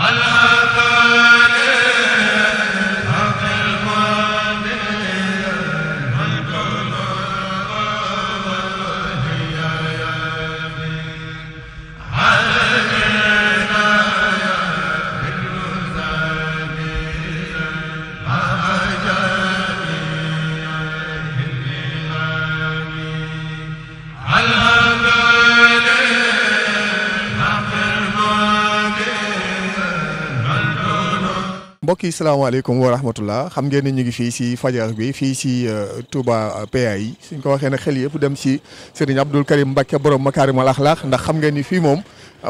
Allah kii yi salaamaaleykum wa rahmatullah xam ngeen ni ñu ngi fii si fajar bi fii si euh, Touba PAI suñ ko waxee ne xel yëpp dem si sëriñ Abdou Karim Mbacke borom makaarimal axlaax ndax xam ngeen ni fii moom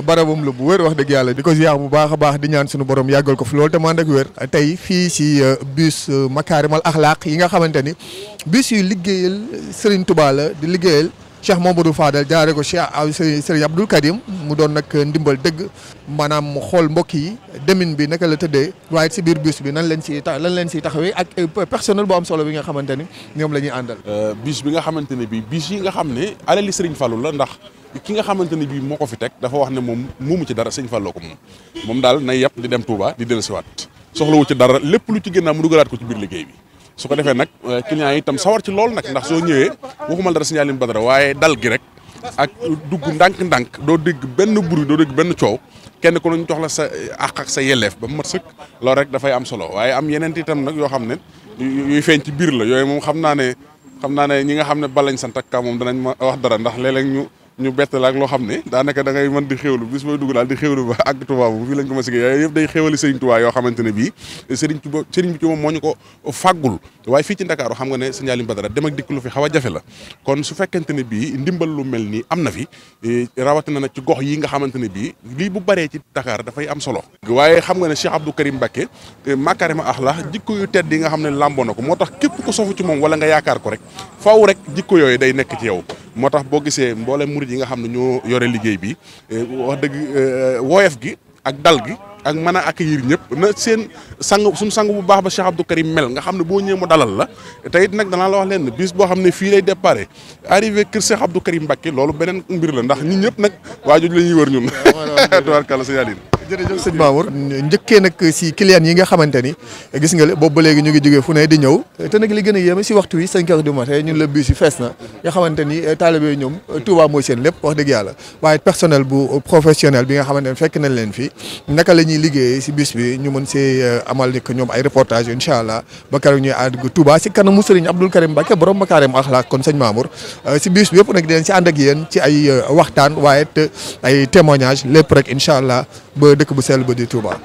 barabam la bu wér wax dëgg yàlla di ko ziar bu baax a baax di ñaan suñu borom yàggal ko fi loolu te man wër wér tey fii si euh, bus euh, makaarimal axlaax yi nga xamante ni bus yu liggéeyal sëriñ Touba la di liggéeyal cheikh mamadou fadal jaaré ko cheikh aw serigne abdoul karim mu don nak ndimbal deug manam xol mbokk yi demine bi nak la teudé way ci bir bus bi nan lañ ci tax lan leen si taxawee ak eh, personnel bo am solo bi nga xamanteni ñom lañuy andal euh bus bi nga xamanteni bi bus yi nga xamné ne alali serigne fallou la ndax ki nga xamanteni bi moko fi tek dafa wax ne moom muumu ci dara serigne Fallou ko mom mom dal nay yàpp di dem Touba di dellusiwaat soxlawu ci dara lepp lu ci gëna mu dugalat ko ci bir liggéey bi su ko defee nag euh, clients yi itam sawar ci loolu nag ndax soo ñëwee waxuma dara signaler Badara waaye dal gi rek ak dugg ndànk-ndànk doo dégg benn bruit doo dégg benn coow kenn ku ne ñu jox la sa euh, àq ak sa yelleef ba mu mat sëkk loolu rek dafay am solo waaye am yeneen itam nag yoo xam ne yuy feeñ ci biir la yooyu moom xam naa ne xam naa ne ñi nga xam ne balañ sant ak moom danañ ma wax dara ndax léeg ñu. ñu bett ak loo xam ne daanaka da ngay mën di xéwlu bis booy dugg daal di xéwlu ba ak Tuubaa bu fii lañ ko ma si yooyu yëpp day xéwali Sëriñ Tuubaa yoo xamante ne bii Sëriñ Tuubaa Sëriñ bi ci moom moo ñu ko fàggul waaye nga ne Sëriñ Aliou Badara dem ak dikk la kon su fekkente ne bii ndimbal lu mel nii eh, eh, na ko moo tax képp ku sofu ci moom wala nga yaakaar ko rek faaw rek jikko yooyu day nekk ci yow moo tax boo gisee mboolem murid yi nga xam ne ñoo yore liggéey bi eh, wax dëgg eh, woyof gi ak dal gi ak mën a accueillir ñëpp na seen sang suñu sang bu baax ba Cheikh Abdou Karim mel nga xam ne boo ñëwee dalal la te it nag danaa la wax leen bis boo xam ne fii lay déparé arrivé kër Cheikh Abdou Karim Mbacké loolu beneen mbir la ndax ñun ñëpp nag waa jooju la ñuy wër ñun tubaarkàlla sa yàlla jërëjëf sëñ Mamour njëkkee nag si client yi nga xamante ni gis nga boobu ba léegi ñu ngi jógee fu ne di ñëw te nag li gën a yéeme si waxtu wi cinq heures du matin ñun la bus yi fees na nga xamante ni taalibe ñoom Touba mooy seen lépp wax dëgg yàlla waaye personnel bu professionnel bi nga xamante ni fekk nañ leen fi naka la ñuy liggéeyee si biis bi ñu mën see eh, amal ni que ñoom ay reportage incha allah ba keroog ñuy àgg Touba si kanamu Sëriñ Abdoul Karim Mbacké borom Makaarim Axlaaq kon sëñ Mamour eh, si bus bi yëpp nag dinañ si ànd ak yéen ci ay eh, waxtaan waaye ay témoignage lépp rek incha allah ba dëkk bu sell ba di Touba.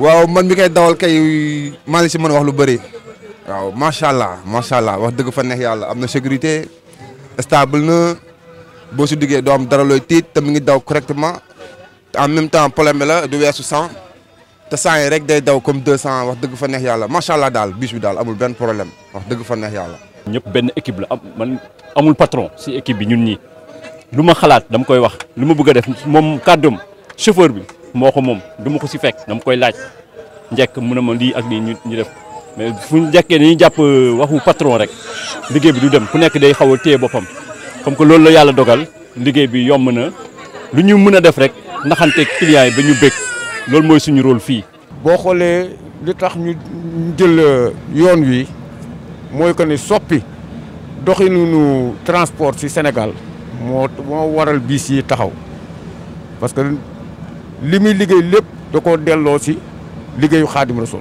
waaw man mi koy dawal kay maa ngi si mën a wax lu bëri waaw macha allah macha allah wax dëgg fa neex yàlla am sécurité stable na boo si duggee doo am dara looy tiit te mu daw correctement en même temps problème bi la du weesu cent te cent yi rek day daw comme deux cent wax dëgg fa neex yàlla macha allah daal bis bi dal. amul ben problème wax dëgg fa neex yàlla. ñëpp ben équipe la man amul patron si équipe bi ñun ñi lu ma xalaat koy wax Luma ma bëgg def mom kadum. chauffeur bi moo ko moom du ma ko si fekk dama koy laaj njëkk mu ne ma lii ak lii ñu ñu def. mais fu ñu jàkkee dañuy jàpp euh, waxu patron rek liggéey bi du dem ku nekk day xaw a téye boppam comme que loolu la yàlla dogal liggéey bi yomb na lu ñu mën a def rek naxante client yi ba ñu bëgg loolu mooy suñu rôle fii. boo xoolee li tax ñu jël euh, yoon wi mooy que ni soppi doxinu transport si Sénégal moo moo waral biis yi taxaw parce que li muy liggéey lépp da koo delloo si liggéeyu Xaadim Rasuul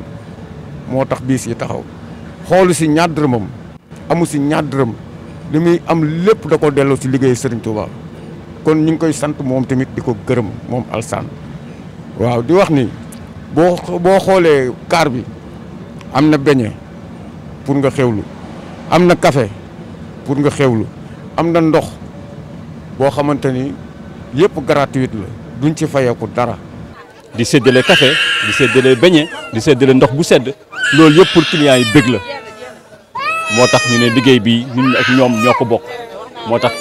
motax bis yi taxaw xoolu ci ñaar amu si ñadrum limi am lepp da ko delo ci liggey Serigne Touba kon ñu ngi koy sante mom tamit di gërem mom alsan waaw di wax ni bo bo xolé car bi am na beñe pour nga xewlu am na café pour nga xewlu am na ndox bo xamanteni yépp gratuit la duñ ci fayeku dara di sédélé café di sédélé beñe di sédélé ndox bu sédd loolu yëpp pour clients yi bëgg la moo tax ñu ne liggéey bi ak ñoom ñoo ko bokk moo tax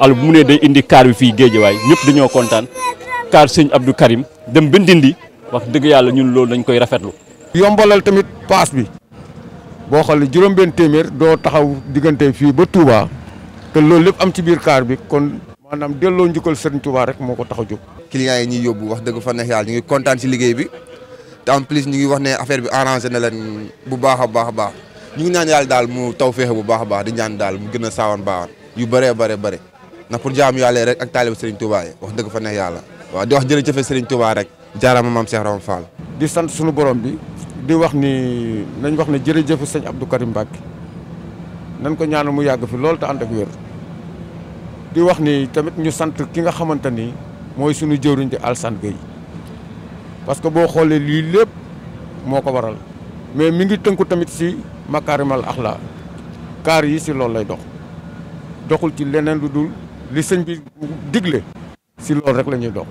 al bu mu ne day indi kaar bi fii géejewaay ñëpp dañoo kontaan kaar sëñ abdu Karim dem ba Ndindi wax dëgg yàlla ñun loolu dañ koy rafetlu. yombalal tamit paas bi. boo xam ne juróom-benn téeméer doo taxaw diggante fii ba Touba te loolu lépp am ci biir kaar bi kon. maanaam delloo njukkal sëriñ Touba rek moo ko tax a jóg. clients yi ñuy yóbbu wax dëgg fa neex yàlla ñu ngi kontaan ci liggéey bi. en plus ñu ngi wax né affaire bi arrangé na leen bu baaxa a baax baax ñu ngi ñaan yalla dal mu tawfiix bu baax baax di ñaan dal mu gëna sawan saawan bare. yu bare bare bare na pour jaamu yalla rek ak talib Serigne Touba wax deug fa neex yalla wa di wax jërëjëfe Serigne Touba rek jaaram mam Cheikh Ram Fall di sant suñu borom bi di wax ni nañ wax ne jëf serigne Abdou Karim Mbacke nañ ko ñaanal mu yàgg fi lool ta and ak wër di wax ni tamit ñu sant ki nga xamante moy suñu jëwruñ di Alsane geey parce que boo xoolee lii lépp moo ko waral mais mi ngi tënku tamit si makaarimal axlaa kaar yi si loolu lay dox doxul ci leneen lu dul li sëñ bi digle si loolu rek la ñuy dox.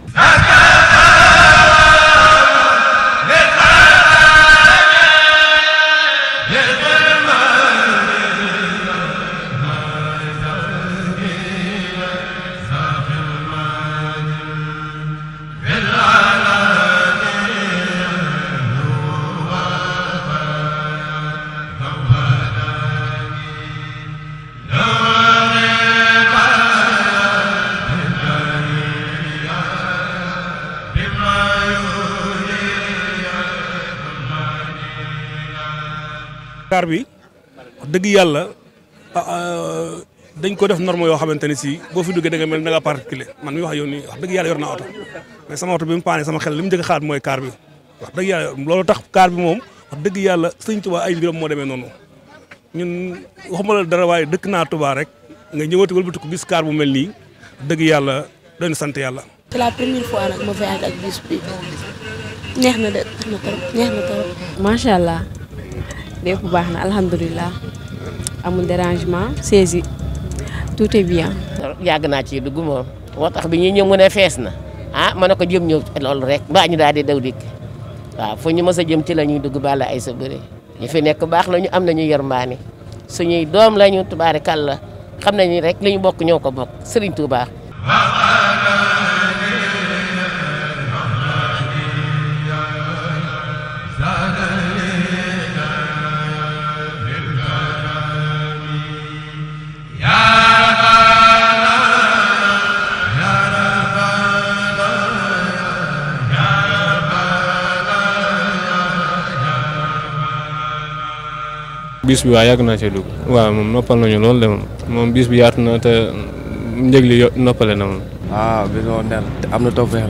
départ bi dëgg yàlla ah, ah, dañ ko def norme yoo xamante ne si boo fi duggee danga mel da nga particulier man mi wax yow nii wax dëgg yàlla yor naa oto mais sama bi mu sama xel li mu njëkk a mooy kaar bi wax dëgg yàlla loolu tax car bi moom wax dëgg yàlla sëñ Tuubaa ay mbiram moo demee noonu ñun waxuma la dara waaye dëkk naa Tuubaa rek nga ñëwati wëlbati ko gis kaar bu mel nii dëgg yàlla doon sant yàlla. c'est neex na de neex allah. lépp baax na alhamdulilah amul dérangement saisi tout est bien. yàgg naa ci dugg moom tax bi ñuy ñëw mu ne fees na ah ma ne ko jëm ñëw loolu rek mbaa ñu daal di daw dikk waaw fu ñu mës a jëm ci la ñuy dugu bala ay sa bëre ñu fi nekk baax la ñu am na nañu yërmaane suñuy doom la ñu la xam ñu rek la ñu bokk ñoo bok bokk tuu baax bis bi waa yàgg naa cee dugg waaw moom noppal nañu lool de moom moom bis bi yaatu na te njëg li noppale na moom. waaw ah, bis moom nen am na tawfeex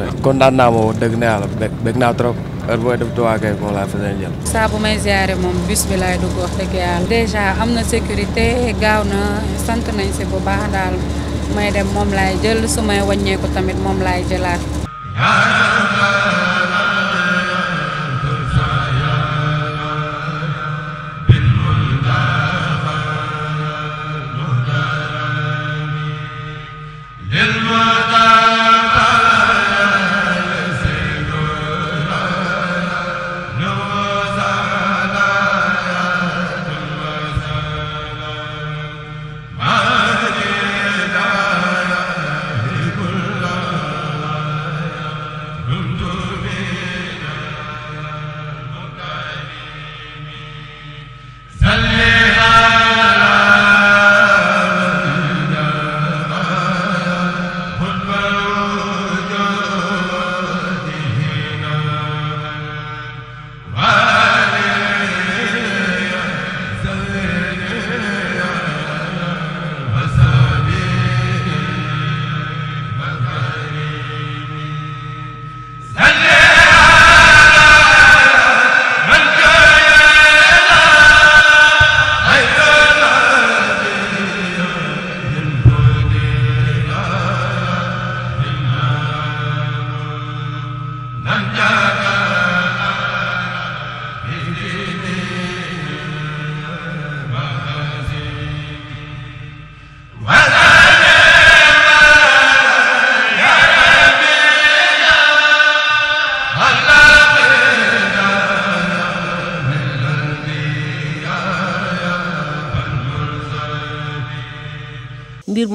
rek na yàlla bég bég trop heure booy def tuwaa kay moom laa fa lay jël. saa bu may ziare moom bis bi laay dugg wax dëgg yàlla. dèjà am na sécurité gaaw na sant nañ si bu baax daal may dem moom laay jël su may wàññeeku tamit moom laay jëlaat.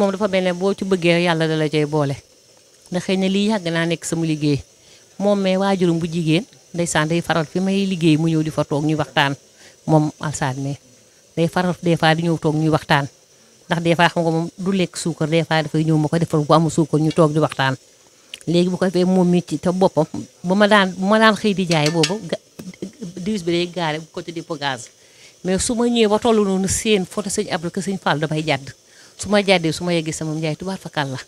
moom dafa mel boo ci bëggee yàlla dala cay boole ndax xëy na lii yàgg naa nekk sama liggéey moom mais waajurum bu jigéen ndeysaan day faral fi may liggéey mu ñëw di fa toog ñu waxtaan moom alsaan mais day faral des fois di ñëw toog ñu waxtaan ndax des fois xam nga moom du lekk suukar des fois dafay ñëw ma ko defal bu amul suukar ñu toog di waxtaan léegi bu ko defee moom mi ci te boppam bu ma daan bu ma daan xëy di jaay boobu diwis bi day gaale bu côté di gaz mais su ma ñëwee ba tollu noonu seen photo sëñ Abdou que sëñ Fall damay suma jadi, suma su ma yeggee sama njaay tubaar fakal la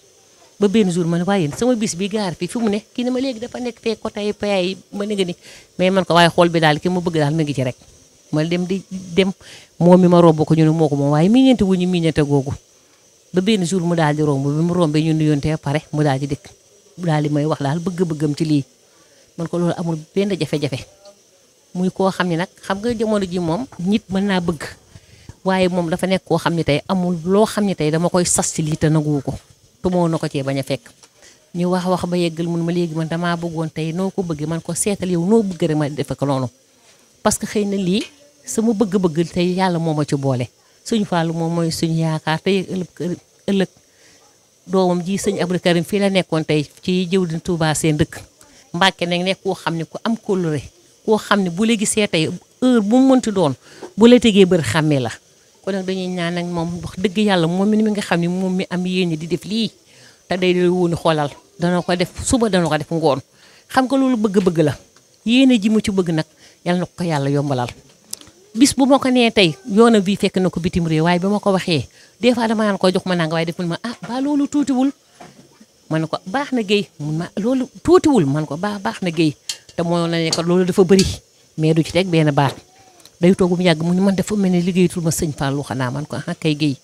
ba ben jour man sama bis bi gar fi fi ne ki ma léegi dafa nek fe côté yi paya ma ne nga mais man ko waaye xol bi dal ki ma bëgg dal ngi ci rek ma dem di dem momi mi ma romb ko ñu moko mo ko moom waaye miñante wuñu miñante gogu ba ben jour mu dal di rombu bi mu rombee ñu pare mu dal di dëkk ya, dal di may wax dal bëgg-bëggam ci li man ko lool amul ben jafe jafé muy ko xamni nak xam nga jëmono ji mom nit mëna bëgg waaye moom dafa nekk koo xam ne tey amul loo xam ne tey dama koy sas ci lii te nagu ko tumoo na ko cee bañ a fekk ñu wax wax ba yeggal mun ma léegi man damaa bëggoon tey noo ko bëggee man ko seetal yow noo bëgg rek ma defe ko noonu parce que xëy na lii sama bëgg-bëgg tey yàlla moom ma ci boole suñu fàllu moom mooy suñu yaakaar tey ëllëg ëllëg doomam ji sëñ Abdou fii la nekkoon tey ci jëw di tuubaa seen dëkk Mbàkke nag nekk koo xam ne ku am kóllëre koo xam ne bu la gisee tey heure bu mu mënti doon bu la tegee bër xàmmee la kon nak dañuy ñaan ak mom wax deug yalla moom ni nga xamni mom moom mi am yéene di def li ta day dal woon xolal dana ko def suba dana ko def ngoon xam nga lolu bëgg-bëgg la yéene ji mu ci bëgg nak yalla nako yalla yombalal bis bu moko ne tay yona bi fekk nako ko bitim rew way ba ma ko waxee des fois dama naan ko jox ma nanga way deful ma ah ba loolu tuutiwul man ko baax na géy mun ma loolu tuutiwul man ko ba baax na géy te moy na ne ko loolu dafa bëri mais du ci tek ben baat day toogum yàgg mu ñu man def mel ne liggéeyatul ma sëñ Fallou xanaa man ko ah kay géy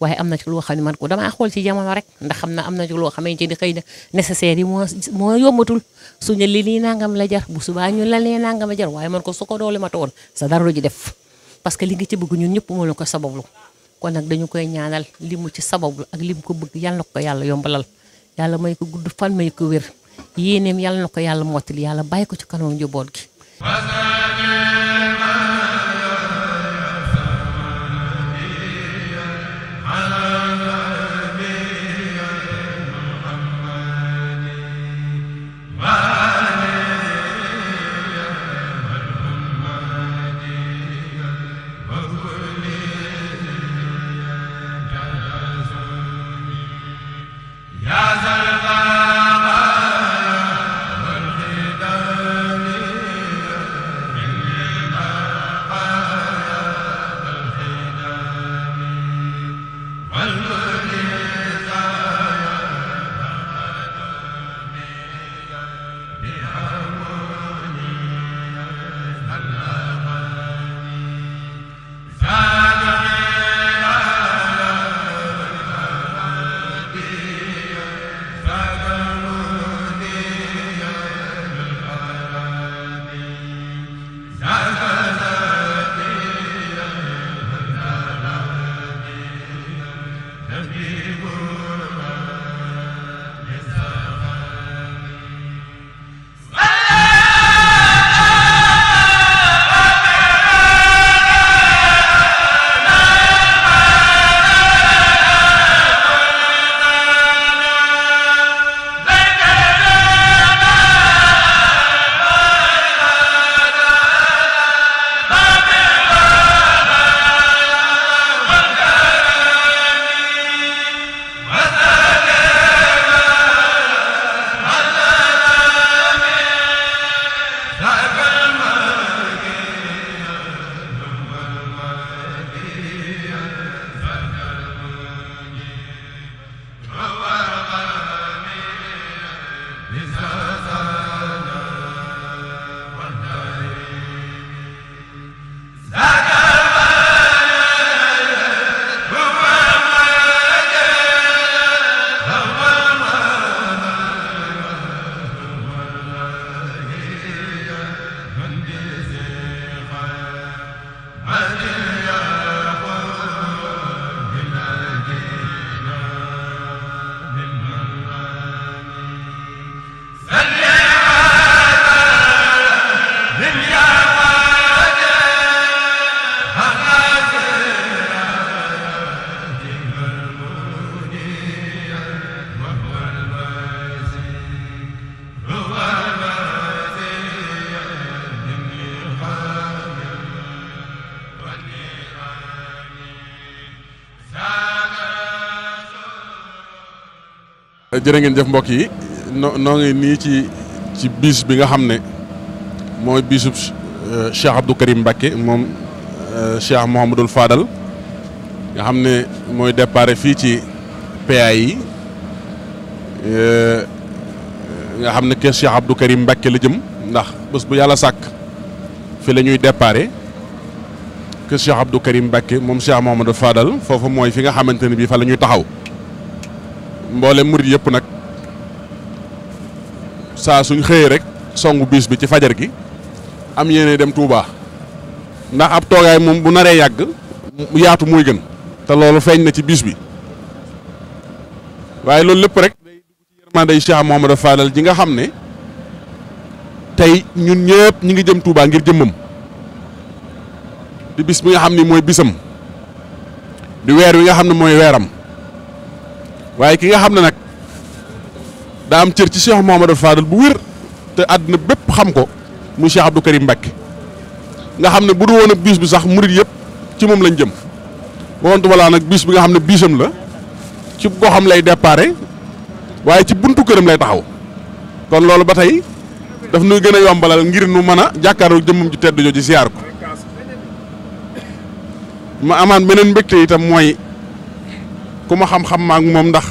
waaye am na ci loo xam ne man ko damaa xool ci jamono rek ndax xam na am na ci loo xamante ni xëy na nécessaire yi moo moo yombatul su ñu li nii nangam la jar bu subaa ñu la nee nangam la jar waaye man ko su ko doole ma toon sa dara lu def parce que li nga ci bëgg ñun ñëpp moo la ko sabablu kon nag dañu koy ñaanal li mu ci sabablu ak li mu ko bëgg yàlla na ko yàlla yombalal yàlla may ko gudd fan may ko wér yéeneem yàlla na ko yàlla mottali yàlla bàyyi ko ci kanam njaboot gi jërë ngeen jëf mbokk yi noo noo ngi nii ci ci bis bi nga xam ne mooy bisub euh, Cheikh Abdou Karim Mbacké moom euh, Cheikh Mouhamadul faadal nga xam ne mooy départ fii ci PA yi euh, nga xam ne kër Cheikh Abdou Karim Mbacké la jëm ndax bés yàlla sàkk fi la ñuy départ kër Cheikh Abdou Karim Mbacké moom Cheikh Mouhamadul Fadal foofu mooy fi nga xamante ne bii fa la ñuy taxaw. mboolem murit yëpp nag saa suñ xëyee rek songu biis bi ci fajar gi am yéene dem Touba ndax ab toogaay moom bu naree yàgg yaatu mooy gën te loolu feeñ na ci biis bi waaye loolu lépp rek day dugg ci yërmandey Cheikh ji nga xam ne tey ñun ñëpp ñu ngi jëm Touba ngir jëmmam di bis bi nga xam ne mooy bisam di weer wi nga xam ne mooy weeram waaye ki nga xam ne nag daa am cër ci Cheikh Mouhamadou Fadal bu wér te àdduna bépp xam ko muy Cheikh Abdou këri Mbacke nga xam ne bu du woon a biis bi sax murit yépp ci moom lañ jëm waxantu wala nag biis bi nga xam ne biisam la ci xam lay déparé waaye ci buntu këram lay taxaw kon loolu ba tey daf nuy gën a yombalal ngir nu mën a jàkkaaroo jëmmam ji tedd jooju ziar ko ma amaan beneen mbégte itam mooy kuma ma xam-xam maak mom ndax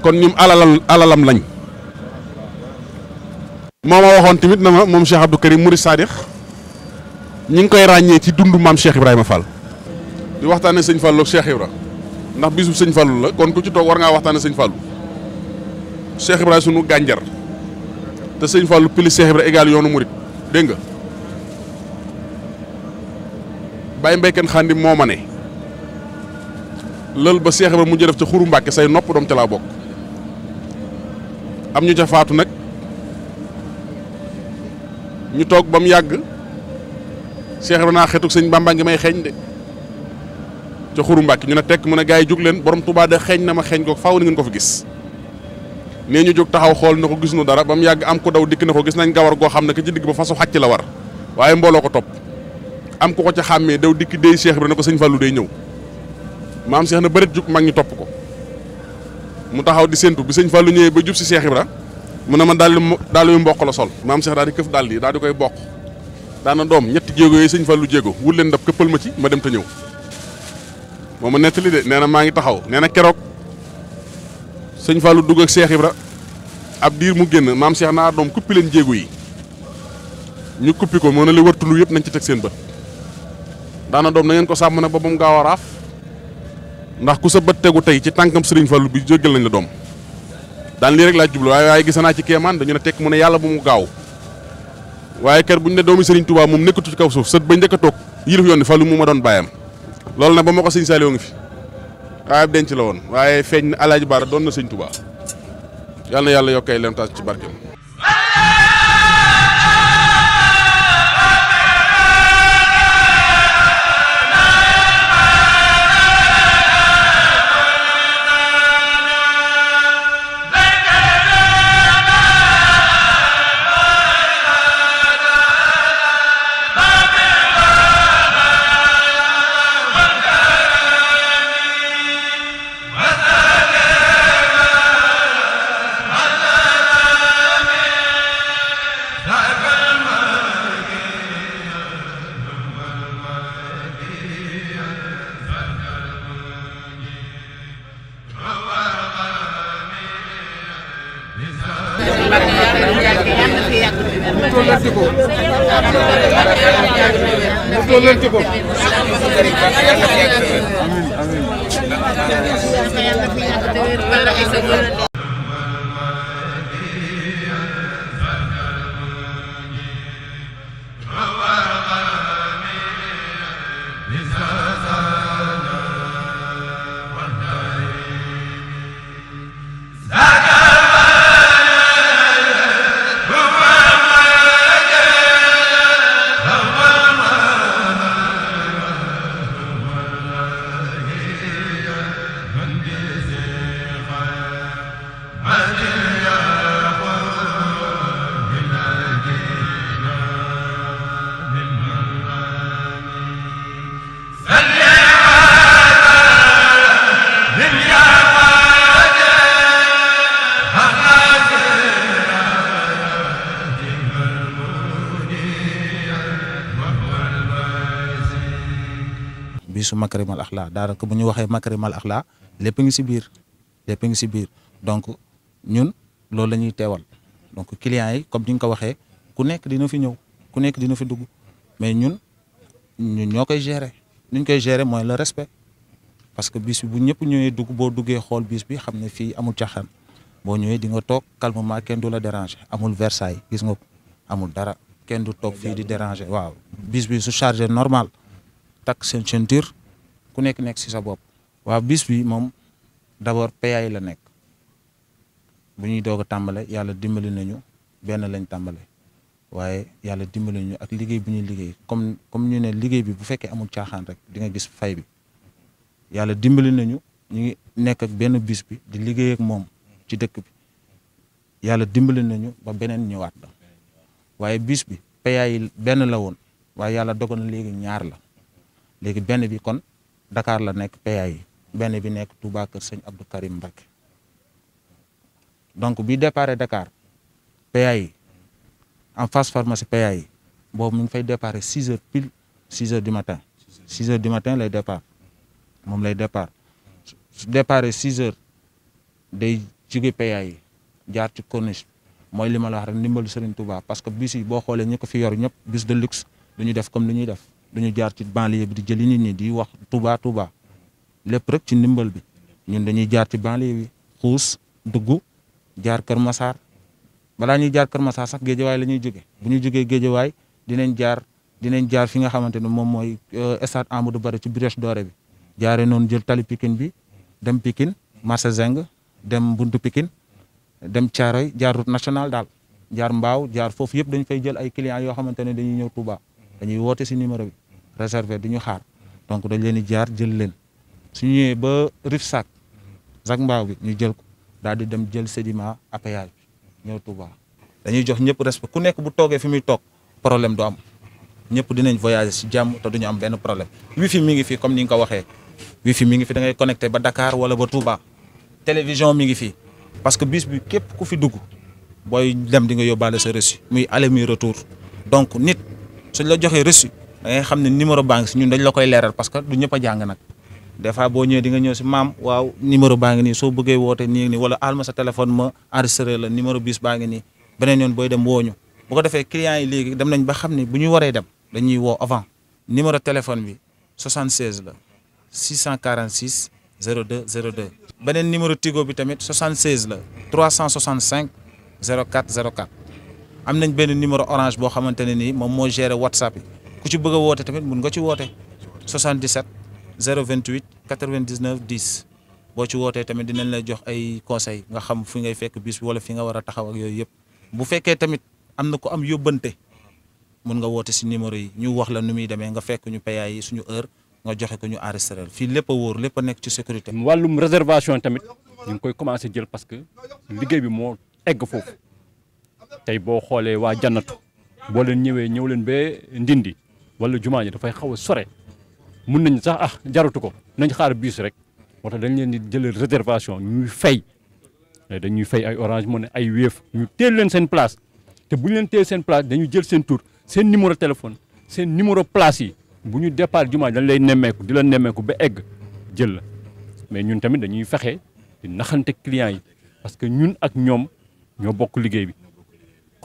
kon ñum alalam alalam lañ moo waxon timit na mom Cheikh Abdou Karim Mouride Sadikh ñi ngi koy ragné ci dundu mam Cheikh Ibrahima Fall di waxtane seigne Fallu ak Cheikh Ibra ndax bisu seigne Fallu la kon ku ci tok war nga waxtane seigne Fallu Cheikh Ibra sunu ganjar te seigne Fallu pili Cheikh Ibra egal yoonu Mouride dégg nga mbay ken xandi moma ne lël ba cheikh ba mu mujj ci xuru say nopp dom ci la bok am ñu ca faatu nak ñu tok bam mu cheikh xetuk may xegn de ci xuru mbacke ñu na tek mu na gaay juk leen borom Tuubaa de xegn na ma xegn ko faaw ni ngeen ko fi gis ne ñu juk taxaw xol na ko gis nu dara bam mu am ko daw dik na ko gis nañ gawar go xamne ci ba fasu xacc la war waye mbolo ko top am ko ko ci xamé daw dik dey cheikh ko Fallou ñew maam seex na bërit jug mag ñi topp ko mu taxaw di séntu bi sëñ lu ñëwee ba jub si Cheikh Ibra mu ne ma daal daal yu mboq la sol maam Cheikh daal di këf daal di daal di koy bokk daana doom ñetti jéego yooyu sëñ Fallou jéego wul leen dab këppal ma ci ma dem te ñëw moo ma nettali de nee na maa ngi taxaw nee na keroog sëñ Fallou dugg ak Cheikh ra ab diir mu génn maam Cheikh naa doom kuppi leen jéego yi ñu kuppi ko moo ne li wër tund yëpp nañ ci teg seen bët daana doom na ko sàmm nag ba gaaw raaf ndax ku sa bët tegu tey ci tànkam Serigne Fallou bi jéggal nañ la doom daan lii rek laa jublu waaye waaye gis naa ci kéemaan dañu ne tekk mu ne yàlla bu mu gaaw waaye kat bu ñu ne doomi Serigne Touba moom nekkatu ci kaw suuf sët ba njëkk a toog yilif yoon ni Fallou mu ma doon bàyyam loolu nag ba ma ko sëñ Saliou ngi fi waaye denc la woon waaye feeñ na Alaaji Baara doon na Sëñ Touba yàlla na yàlla yokkay leen taas ci barkeem biisu makarimal axlaa daanaka bu ñu waxee makarimal axlaa lépp ngi si biir lépp ngi si biir donc ñun loolu la ñuy teewal donc clients yi comme ni nga ko waxee ku nekk dina fi ñëw ku nekk dina fi dugg mais ñun ñun ñoo koy gérer ñu koy gérer mooy le respect parce que bis bu ñëpp ñëwee dugg boo duggee xool biis bi xam ne fii amul caaxaan boo ñëwee di nga toog calmement kenn du la déranger amul Versailles gis nga amul dara kenn du toog fii di déranger waaw takk seen ceinture ku nekk nekk si sa bopp waa bis bi moom d'abord PAI la nekk bu ñuy doog a tàmbale yàlla dimbali nañu benn lañ tàmbale waaye yàlla dimbali nañu ak liggéey bu ñuy liggéey comme comme ñu ne liggéey bi bu fekkee amul caaxaan rek di nga gis fay bi yàlla dimbali nañu ñu ngi nekk ak benn bis bi di liggéeyak moom ci dëkk bi yàlla dimbali nañu ba beneen ñëwaat la waaye bis bi PAI benn la woon waaye yàlla dogal na léegi ñaar la léegi benn bi kon Dakar la nek PA yi benn bi nek Touba keur seigne Abdou Karim mbake donc bi départ Dakar PA en face pharmacie PA bobu boobu mu ngi fay départ 6 h pile 6h du matin 6h du matin lay départ mom lay départ su départ 6h day jóge PA jaar ci connais moy li la wax rek ndimbal Serigne Touba parce que bisi bo xolé ñi ko fi yor ñep bis de luxe duñu def comme luñuy def duñu jaar ci banlieue bi di jëli nit ñi di wax Touba Touba lépp rek ci ndimbal bi ñun dañuy jaar ci banlieue bi xuus dugg jaar Kër masaar balaa ñuy jaar Kër Massar sax géejawaay la ñuy jóge bu ñu jógee géejawaay dinañ jaar dinañ jaar fi nga xamante ne moom mooy euh, stade Amadou bari ci Brioche doore bi jaaree noonu jël tali pikin bi dem pikin marché Zeng dem buntu Pikine dem Thiaroye jaar national daal jaar Mbaaw jaar foofu yëpp dañ fay jël ay clients yoo xamante ne dañuy ñëw Touba dañuy woote si numéro bi réservé du ñu xaar donc dañ leen di jaar jël leen su ñëwee ba Rifsac Zac Mbao bi ñu jël ko daal di dem jël sédiment à péage bi ñëw dañuy jox ñëpp respect ku nekk bu toogee fi muy toog problème du am ñëpp dinañ voyage si jàmm te duñu am benn problème fi mi ngi fi comme ni nga ko waxee fi mi ngi fi dangay ngay connecté ba dakaar wala ba Touba télévision mi ngi fi parce que bis bi képp ku fi dugg booy dem di nga yóbbaale sa reçu muy aller muy retour donc nit suñ la joxé reçu da ngay xamné numéro bank ñun dañ la koy léral parce que du ñëpp a jàng des fois bo ñëw di nga ñëw si mam, waaw numéro bank ni so bëggé woté ni ni wala alma sa téléphone ma enregistré la numéro bis bank ni benen beneen yoon dem woñu bu ko défé client yi légui dem nañ ba xamné bu ñu waré dem dañuy wo avant numéro téléphone bi 76 la 646 02 02 numéro Tigo bi tamit 76 la 365 04 04 am nañ benn numéro orange boo xamante ne nii moom moo gérer whatsapp yi ku ci bëgg woote tamit mun nga ci woote 77 028 99 10 boo ci wootee tamit dinañ la jox ay conseil nga xam fi ngay fekk bis bi wala fi nga war a taxaw ak yooyu yëpp bu fekkee tamit am na ku am yóbbante mun nga woote si numéro yi ñu wax la nu muy demee nga fekk ñu paya yi suñu heure nga joxe ko ñu enregistré fii lépp a wóor lépp a nekk ci sécurité. wàllum réservation tamit ñu ngi koy commencé jël parce que liggéey bi moo egg foofu. tey boo xoolee waa jannatu boo leen ñëwee ñëw leen ba ndindi wala jumaa ji dafay xaw a sore mun nañ sax ah jarutu ko nañ xaar biis rek moo dañu leen di jël réservation ñuy fay eh, dañuy fay ay orange mu ne ay wéef ñu teel leen seen place te bu ñu leen teel seen place dañu jël seen tur seen numéro téléphone seen numéro place yi bu ñu départ jumaa dañu lay nemmeeku di la nemmeeku ba egg jël la mais ñun tamit dañuy fexe di naxante clients yi parce que ñun ak ñoom ñoo bokk liggéey bi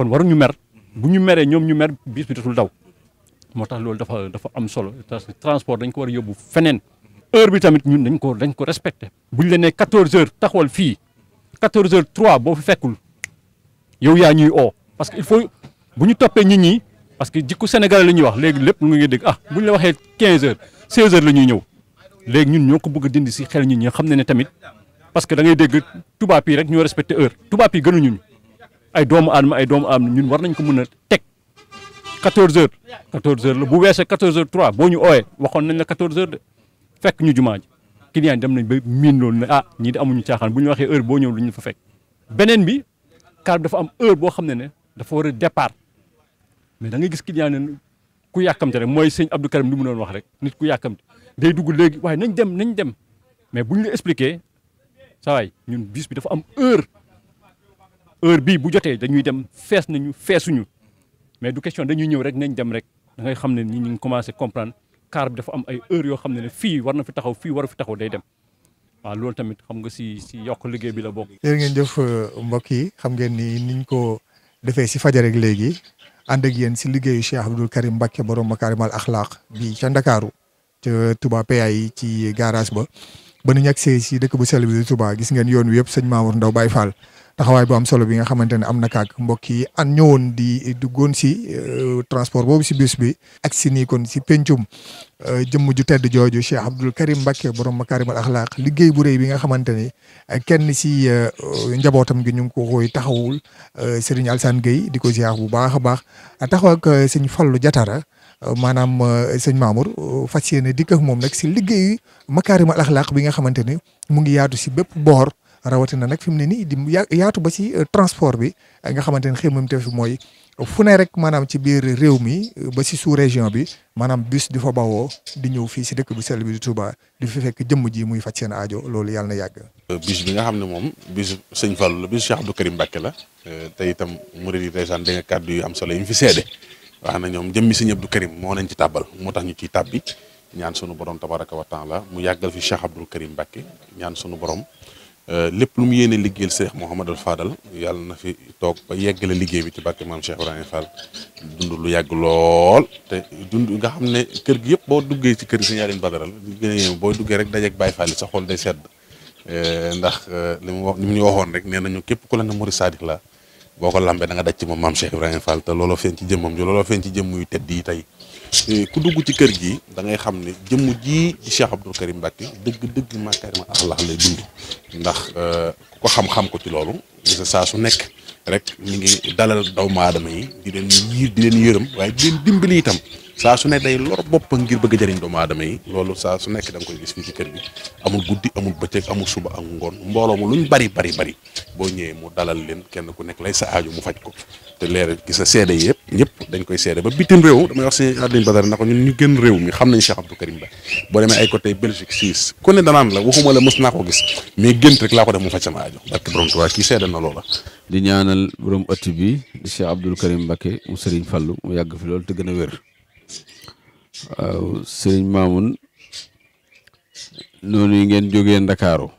kon ñu mer bu ñu meree ñom ñu mer bis bi dootul daw motax lool dafa dafa am solo transport dañ ko wara yobbu fenen heure bi tamit ñun dañ ko dañ ko respecté buñ la né 14 h taxawal fi 14 h 3 bo fi fekkul yow ya ñuy oo parce que il faut bu ñu toppee nit ñi parce que jikko sénégalais la ñuy wax léegi lepp lu ngi dégg ah buñ la waxé 15 h 16 h la ñuy ñëw léegi ñun ñoko bëgg dindi ci xel nit ñi xamné né tamit parce que da ngay dégg tubaab yi rek ñu respecté heure tubaab yi gënuñu ñu ay doomu aadama ay doomu aadama ñun war nañ ko mun a teg 14 heures 14 heures la bu weesee 14 heures 3 boo ñu ooyee waxoon nañ la 14 heures de fekk ñu jumaa ji dem nañ ba miin loolu ne ah ñii de amuñu caaxaan bu ñu waxee heure boo ñëw lu ñu fa fekk. beneen bi car dafa am heure boo xam ne ne dafa war a départ mais da ngay gis client ne ku yàkkamte rek mooy sëñ Abdou Karim li mu doon wax rek nit ku yàkkamte day dugg léegi waaye nañ dem nañ dem mais bu ñu la expliqué saa waay ñun bis bi dafa am heure. heure bii bu jotee dañuy dem fees nañu feesuñu mais du question dañuy ñëw rek nañ dem rek da ngay xam ne ñi ñu ngi commencé comprendre car bi dafa am ay heure yoo xam ne ne fii war na fi taxaw fii waru fi taxaw day dem waaw loolu tamit xam nga si si yokk liggéey bi la bokk. jërë ngeen jëf euh, mbokk yi xam ngeen ni niñ ko defee si fajar ak léegi ànd ak yéen si liggéeyu Cheikh Abdoul ba Mbacké borom makaarimal axlaaq bi ca Ndakaaru ca Touba PA yi ci garage ba ba nu ñàkk see si dëkk bu sell bi di gis ngeen yoon yëpp sëñ Mamour Ndaw Baye Fall taxaway bu am solo bi nga xamante am nak kaag mbokk yi an ñewon di duggoon si euh, transport bobu si bus bi ak si ni kon ci pencum euh, jëm ju tedd joju Cheikh abdul Karim mbacke borom al Akhlaq liggey bu reey bi nga xamante euh, kenn si njabotam gi ñu ko xoy taxawul Serigne alsan gey di ko ziar bu baax a baax taxaw ak serigne fallu jatara manam sëñ Mamour fas yéene dikk mom nak ci si makarim al Akhlaq bi nga xamante mu ngi yaatu si bepp bor rawatina na fi mu ne di ya-, yaatu ba ci euh, transport bi nga xamanteni xey mom te moy mooy fu ne rek manam ci biir rew mi euh, ba ci sous région bi manam bus di fa bawo di ñew fi ci dekk bu sel bi di Touba di fi fekk jëm ji muy fat seen aajo loolu yalla na yag euh, bus bi nga xamne mom bus seigne Fallou la bus Cheikh Abdou Karim bakke la tay itam mouride yi ndeysaan da nga kaddu yu am solo yim fi sédé wax na jëm mi seigne Abdou Karim mo nañ ci tabal moo tax ñu ci tabbi ñaan suñu borom tabaraka wa taala mu yagal fi Cheikh Abdou Karim bakke ñaan suñu borom Euh, lépp lu mu yéene liggéeyal xama Mouhamadul faadal yàlla na fi toog ba yeggale liggéey bi ci barke maam Cheikh Ibrahima Fall dund lu yàgg lool te dund nga xam ne kër gi yëpp boo duggee ci kër gi Alioune Badara li gën a boo duggee rek dajeeg Baye Fall sa xol day sedd euh, ndax euh, li mu wax li mu ñu waxoon rek nee nañu képp ku la ne Mouride la boo ko lambee da nga daj ci moom maam Cheikh Ibrahima Fall te looloo feeñ ci jëmmam ju looloo feeñ ci jëmm yu tedd yi tey ku dugg ci kër gi da ngay xam ne jëmm ji ci Cheikh Abdou Karim Mbacké dëgg dëgg ma màkkaarima axlaax lay dund ndax euh, ku ko xam-xam ko ci loolu gisa saa su nekk rek mi ngi dalal doomu aadama yi di leen yiir di leen yërëm waaye di leen dimbali itam saa su ne day lor bopp ngir bëgg a jëriñ doomu aadama yi loolu saa su nekk danga koy gis fii ci kër gi amul guddi amul bëccëg amul suba ak ngoon mbooloo mu luñ bari bari bari boo ñëwee mu dalal leen kenn ku nekk lay sa aajo mu faj ko te leeral gis na seede yëpp ñëpp dañ koy seede ba bitim réew damay wax si Alioune Badara na ko ñu gën réew mi xam nañ Cheikh Abdou Karim Ba boo demee ay côté Belgique Suisse ku ne danaan la waxuma la mës naa ko gis mais gént rek laa ko def mu faj sama aajo barke borom Tuubaa kii seede na loola di ñaanal borom ëtt bi Cheikh Abdou Karim Mbacké mu Serigne fal mu yàgg fi loolu te gën a wér waaw Serigne Mamoun noonu yi ngeen jógee Ndakaaru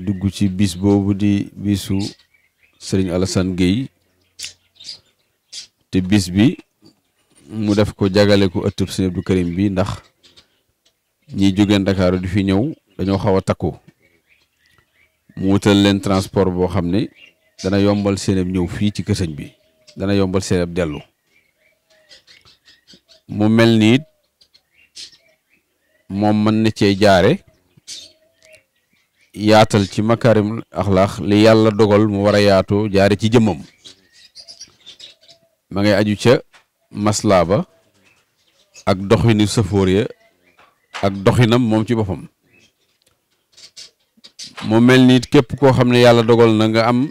dugg ci bis boobu di bisu sëriñ Alassane Guèye te bis bi mu def ko jagale ko ëttub sëriñ Abdou Karim bi ndax ñiy jógee Ndakaaru di fi ñëw dañoo xaw a takku mu wutal leen transport boo xam ne dana yombal seenab ñëw fii ci kësëñ bi dana yombal seenab dellu mu mel ni moom mën na cee jaare yaatal ci makaarimul axlaax li yàlla dogal mu wara a yaatoo jaare ci jëmmam ma ngay aju ca maslaa ba ak doxinu sëfoor ya ak doxinam moom ci boppam moo mel ni képp koo xam ne yàlla dogal na nga am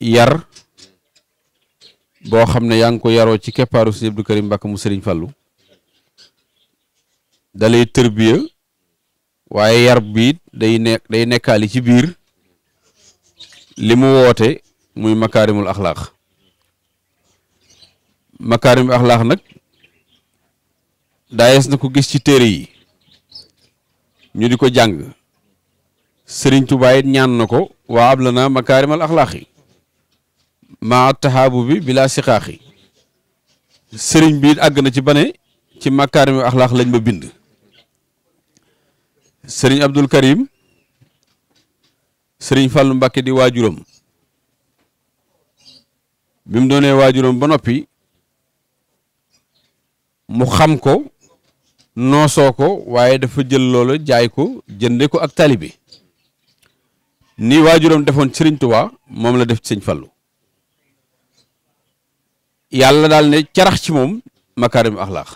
yar boo xam ne yaa ngi ko yaroo ci keppaaru Sëriñ Abdou Karim Mbàkke mu Sëriñ Fàllu dalay tërbiya waaye yar bi day nekk day nekkaali ci biir li mu woote muy makaarimul axlaax makaarimul axlaax nag daayees na ko gis ci téere yi ñu di ko jàng sëriñ Tuubaa it ñaan na ko waa ab la naa makaarimal axlaax yi maa tahaabu bi bilaa siqaax sëriñ bi àgg na ci bane ci makaarimul axlaax lañ ma bind sëriñ Abdul Karim sëriñ Fàllu Mbàkke di waajuram bi mu doonee waajuram ba noppi mu xam ko noosoo ko waaye dafa jël loola jaay ko jënde ko ak taalibe ni waajuram defoon sëriñ Tuubaa moom la def ci sëñ Fàllu yàlla daal ne carax ci moom makaarim axlaax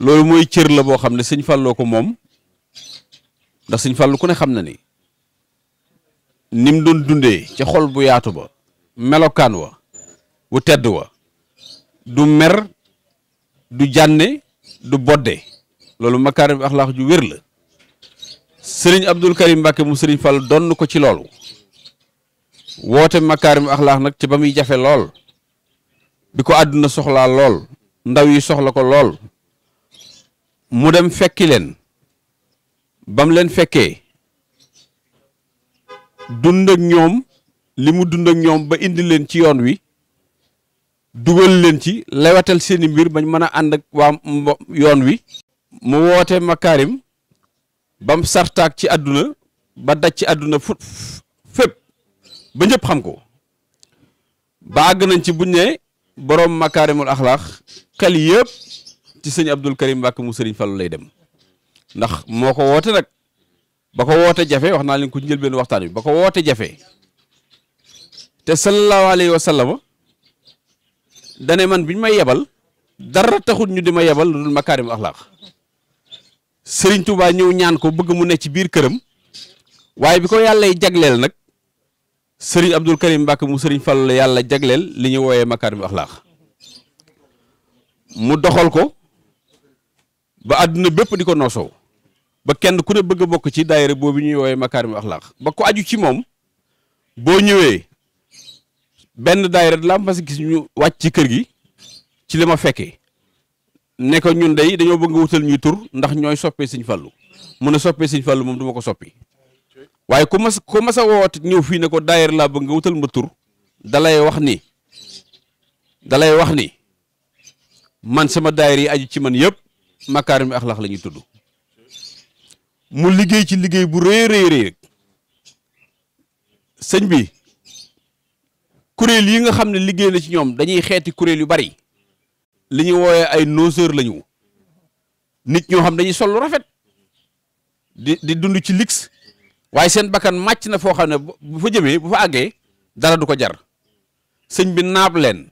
loolu mooy cër la boo xam ne sëñ Fàlloo ko moom ndax sëñ Fallou ku ne xam na ni nim mu doon dundee ca xol bu yaatu ba melokaan wa wu tedd wa du mer du jànne du bodde loolu makaarim axlaax ju wér la sëriñ Abdul Karim Mbàkke mu sëriñ Fallou donn ko ci loolu woote makaarim aklaax nag ci ba muy jafe lool bi ko àdduna soxlaa lool ndaw yi soxla ko lool mu dem fekki leen bam leen fekkee dund ñoom li mu dund ñoom ba indi leen ci yoon wi dugal leen ci lewatal seeni mbir bañ mën a ànd ak waa yoon wi mu woote makaarim bam sartaak ci àdduna ba daj ci àdduna fu fépp ba ñëpp xam ko ba àgg nañ ci buñ ne boroom makaarimul axlaax xel yëpp ci sëñ Abdul Karim Mbàkke mu sëriñ lay dem ndax moo ko woote nag ba ko woote jafe wax naa leen ko njëlbeen waxtaan bi ba ko woote jafe te sallallahu alayhi wa sallam dane man biñ may yebal dara taxut ñu di ma yebal lu dul makaarim axlaaq Sëriñ Tuubaa ñëw ñaan ko bëgg mu ne ci biir këram waaye bi ko yàlla jagleel nag sëriñ Abdul Karim Mbàkke mu sëriñ fal yàlla jagleel li ñu wooyee makaarim axlaaq mu doxal ko ba àdduna bépp di ko noosoo ba kenn ku ne bëgg a bokk ci daayira bobu ñuy woy makarim akhlaq ba ko aju ci mom bo ñëwé ben daayira la ma parce gis ñu wacc ci kër gi ci lima ma ne ko ñun day dañu bëgg wutal ñuy tur ndax ñoy soppé señ Fallu mu ne soppé señ Fallu mom duma ko soppi waye ku ma ku ma sa woot ñëw fi ne ko daayira la bëgg wutal ma tur dalay wax ni dalay wax ni man sama daayira yi aju ci man yëpp makarim akhlaq la tuddu mu liggéey ci liggéey bu rëy rëy sëñ bi kuréel yi nga xam ne liggéey na ci ñoom dañuy xeeti kuréel yu bari li ñuy wooyee ay noceurs lañu nit ñoo xam dañuy sol lu rafet di di dund ci lix waaye seen bakkan màcc na foo xam ne bu fa jëmee bu fa àggee dara du ko jar sëñ bi naab leen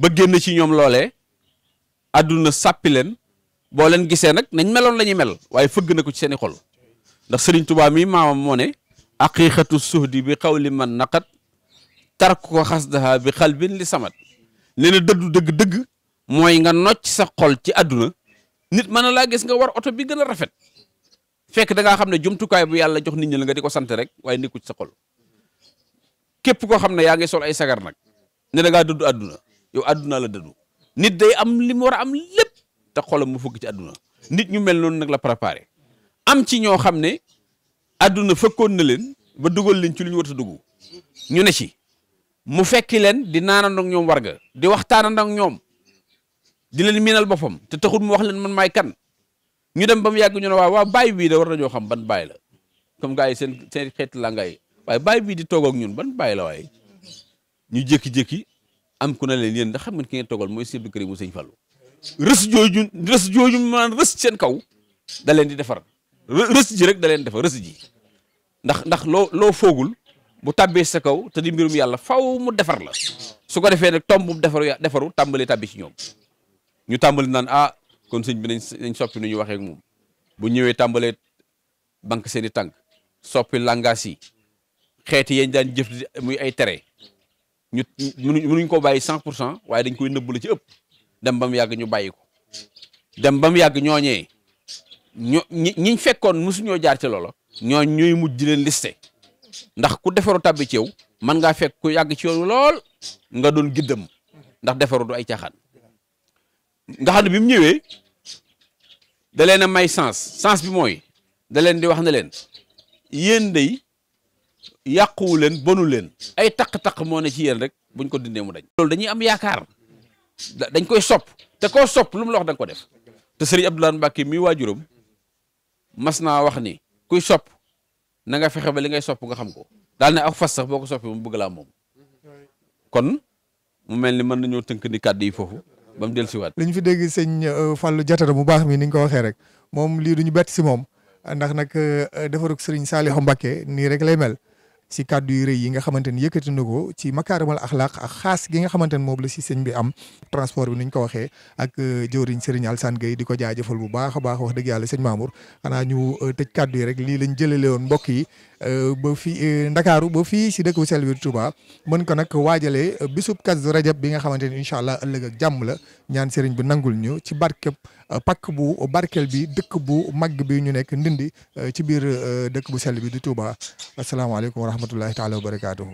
ba génn ci ñoom loole àdduna sàppi leen bo len gisee nak nañ melone lañu mel waye feug na ko ci seni xol ndax serigne touba mi mama moo ne aqiqatu suhdi bi qawli man naqat tarku ko xasdaha bi qalbin li samat nee deug deug deug moy nga nocc sa xol ci aduna nit man la gis nga war auto bi gëna rafet fekk da nga xamne jumtu kay bu yalla jox nit ñi la nga diko sante rek waye nekku ci sa xol kep ko xamne ya nga sol ay sagar nak ne da nga dudd aduna yow aduna la dudd nit day am li am lepp te xolam mu fukk ci àdduna nit ñu mel noonu nag la préparé am ci ñoo xam ne àdduna fëkkoon na leen ba dugal leen ci lu ñu war a dugg ñu ne ci mu fekki leen di naanandoo ak ñoom warga di waxtaanandoo ak ñoom di leen miinal boppam te taxul mu wax leen man maay kan ñu dem ba mu yàgg ñu ne waaw waaw bàyyi bii da war na ñoo xam ban bàyyi la comme gaa yi seen seen xeeti làngaay waaye bàyyi bii di toog ak ñun ban bàyyi la waaye ñu jékki-jékki am ku ne leen yéen ndax xam mooy Sëriñ Abdou rës jooju rës jooju maanaam rës seen kaw da leen di defar rës ji rek da leen defar rës ji ndax ndax loo loo foogul bu tàbbee sa kaw te di mbirum yàlla faw mu defar la su ko defee nag tomb defaru defaru tàmbalee tàbbi ci ñoom ñu tàmbali naan ah kon sëñ bi nañ nañ soppi nu ñu waxee moom bu ñëwee tàmbalee banque seen i tànk soppi langage yi xeeti yañ daan jëf muy ay tere ñu mënuñ mënuñ ko bàyyi cent pour cent waaye dañ koy nëbb la ci ëpp dem ba mu yàgg ñu bàyyi ko dem ba mu yàgg ñooñee ñoo ñi fekkoon mosuñoo jaar ci loola ñoo ñuy mujj di leen liste ndax ku defaru tàbbi ci yow mën ngaa fekk ku yàgg ci yoonu lool nga doon giddam ndax defaru du ay caaxaan nga xam ne bi mu ñëwee da leen a may sens sens bi mooy da leen di wax na leen yéen day yàquwu leen bonu leen ay taq-taq moo ne ci yéen rek buñ ko dindee mu dañ loolu dañuy am yaakaar dañ koy sopp te koo sopp lu mu la wax da ko def te sëriñ Abdoulaye Mbacke mii waajuram mas naa wax ni kuy sopp na nga fexe ba li ngay sopp nga xam ko daal ne ak fas sax boo ko soppi mu bëgg laa moom kon mu mel ni mën nañoo tënk ni kàddu yi foofu ba mu del siwaat li ñu fi dégg sëñ euh, Fallou Diatara mu baax mi ni ko waxee rek moom lii duñu bett si moom ndax nag euh, defarug sëriñ Saliou mbake nii rek lay mel si kàddu yu rëy yi nga xamante ni yëkkati na ko ci makaarimal axlaaq ak xaas gi nga xamante ni moom la si sëñ bi am transport bi ni ñu ko waxee ak euh, jëwriñ sëriñ Alsaan Gueye di ko jaajëfal bu baax a baax wax dëgg yàlla sëñ Mamour xanaa ñu euh, tëj kàddu yi rek lii lañ jëlale woon mbokk yi Euh, ba fii euh, Ndakaaru ba fii si dëkk bu sell bi Touba mën ko nag waajale bisub Kazu Rajab bi nga xamante ni incha allah ëllëg ak jàmm la ñaan sëriñ bi nangul ñu ci barkeb euh, pakk bu barkel bi dëkk bu màgg bi ñu nekk ndindi ci biir dëkk bu sell bi di Touba asalaamaaleykum wa rahmatullahi taala wa barakaatuhu.